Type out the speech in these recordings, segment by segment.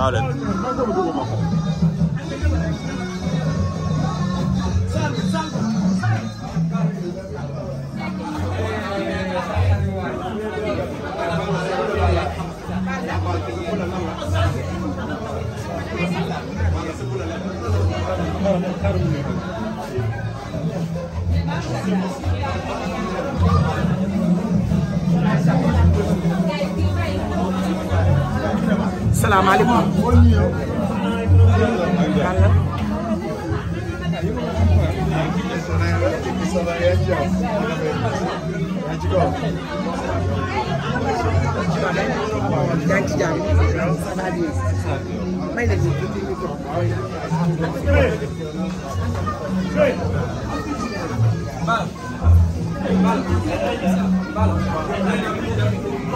Allen. asalaamaaleykum. yaa ngi ci jàmm may la ñu tuuti ñu ko. Bal. Bal. Bal.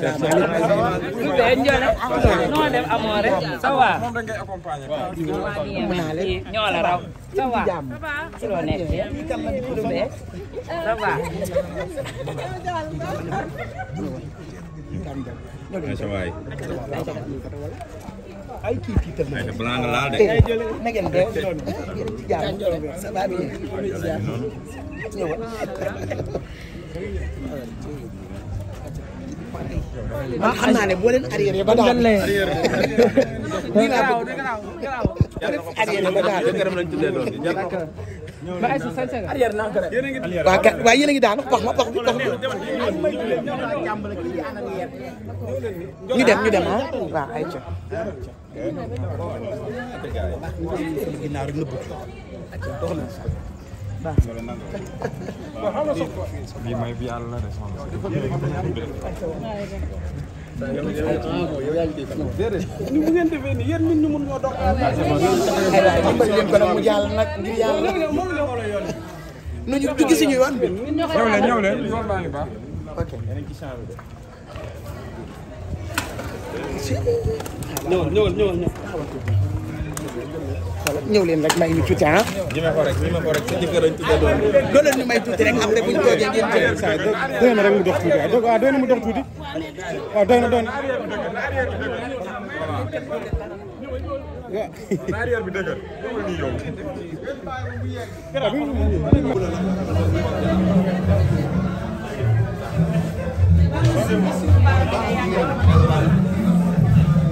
noo def amoo rek ça va ñoo la raw ça va ci loo nekk ça va ay kii kii tam ay blanc nga laal de na ngeen def yéen ci jàmm ça va bien ñëw maa xam naa ne boo leen arrière ba daal waaw yéen a ngi daan wax ma wax bi wax bi ñu dem ñu dem ah waaw ay ca ginnaaw rek nëbbu bii mooy bi yàlla la de soxna bu ngeen defee nii yéen nit ñu mun ñoo dox. dimbali leen ko nag mu jàll nag ngir yàlla. nu ñu dugg si ñu yoon bi. ñëw leen ñëw leen yoon baa ngi baax. ok. ñëwal ñëwal ñëwal. ñëw leen rek may ñu tuuti ah. ñi ma ko rek ñi ma ko may tuuti rek après bu ñu toogee ngeen jëlee saa yi. doy mu dox tuuti waaw ah. ah, mu dox tuuti waaw ah, doy na doy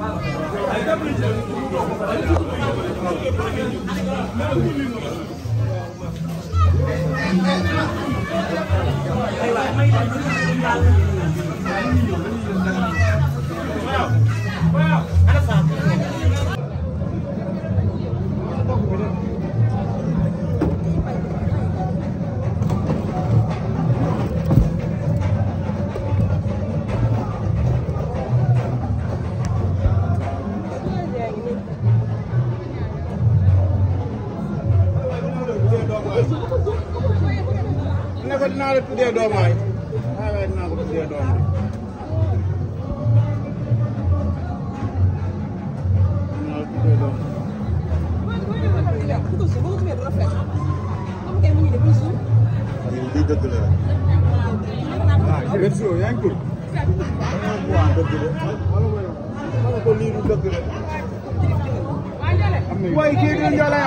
Wow. Wow. koy tuddee doomaay xaaral dinaa ko tuddee doomaay. dinaa ko tuddee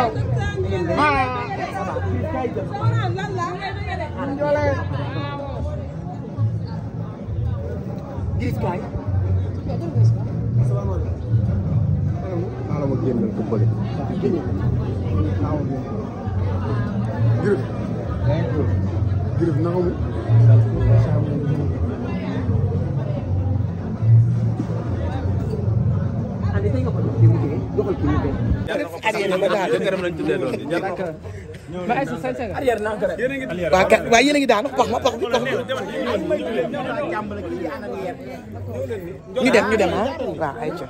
doomaay. waaw yow gis kaay. xaaral ma génnal ko bële. Girif. Girif naka mu. andi tey nga ko waaw kay waaye yéen a ngi daan wax ma wax bi wax ñu dem ñu dem ah waaw ay ca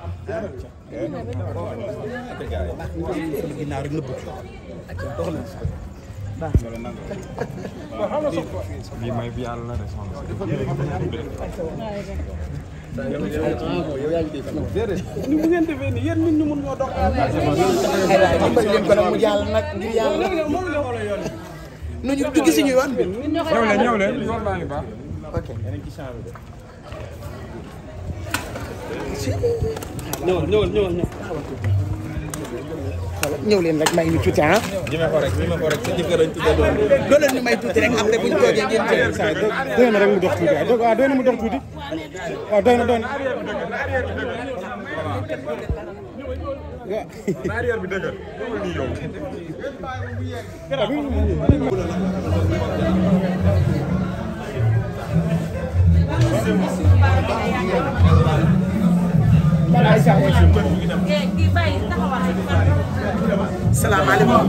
bii may bi yàlla la responsable ni mu ngeen defee nii yéen ñu mun ñoo dox. dimbali leen ko nu ñu dugg suñu yoon bi. ñëw leen ñëw leen yoon baa ngi baax. ok. ñëwal ñëwal ñëwal ñëw. ñëw leen rek may ñu tuuti ah. ñu may ko rek ñu may ko rek sa jëkkër lañ tuddee doon. doon rek après bu ñu toogee ngeen na rek mu dox tuuti waaw doon na mu dox tuuti. waaw doy na doy na. arrière bi dëgër salaamaaleykum.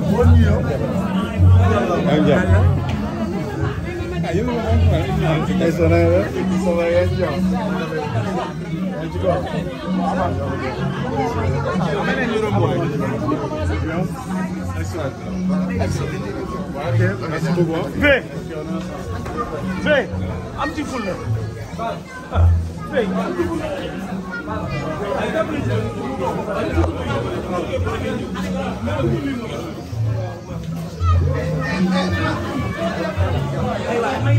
Eso no es, eso me es yo. I'm in a little boy. Ve! Ve! Am ci fulla. Ve! Am ci fulla. Thank you.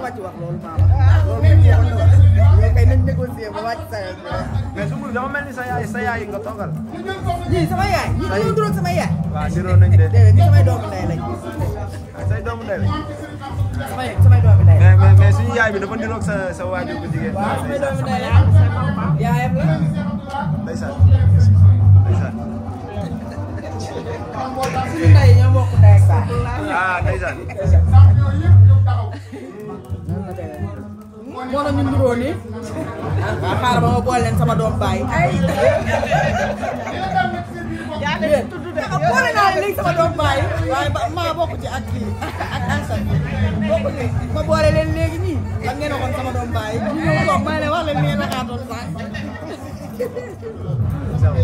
wàcc wax loolu baax na ah, loolu moom jeexoon na wax loolu kay nañ négocier ba wàcc sa yaay mais su dama mel ni sa yaay sa yaay nga toogal. ñii sama yaay ñii dañoo duróog sama yaay. waaw duróog nañ de. déedéet ñi samay doomu ndey lañ. Ah, say doomu ndey lañ. samay samay doomu ndey lañ. mais mais suñu yaay bi dafa niroog sa sa waajur bu jigéen. waaw samay doomu ndey lañ. yaayam la. ndeysaan ndeysaan. suñu ndey ñoo bokk ndey. ah ndeysaan. moo tax ñu niroo ni xaaral ba ma boole leen sama doom bàyyi. yaa ngi leen tudd de boole naa sama doom bàyyi. waaye ba maa bokk ci ak kii ak boole leen léegi nii ak ngeen waxoon sama doom bàyyi ñu ñëw toog ma leen wax leen ngeen waxaatoon sax.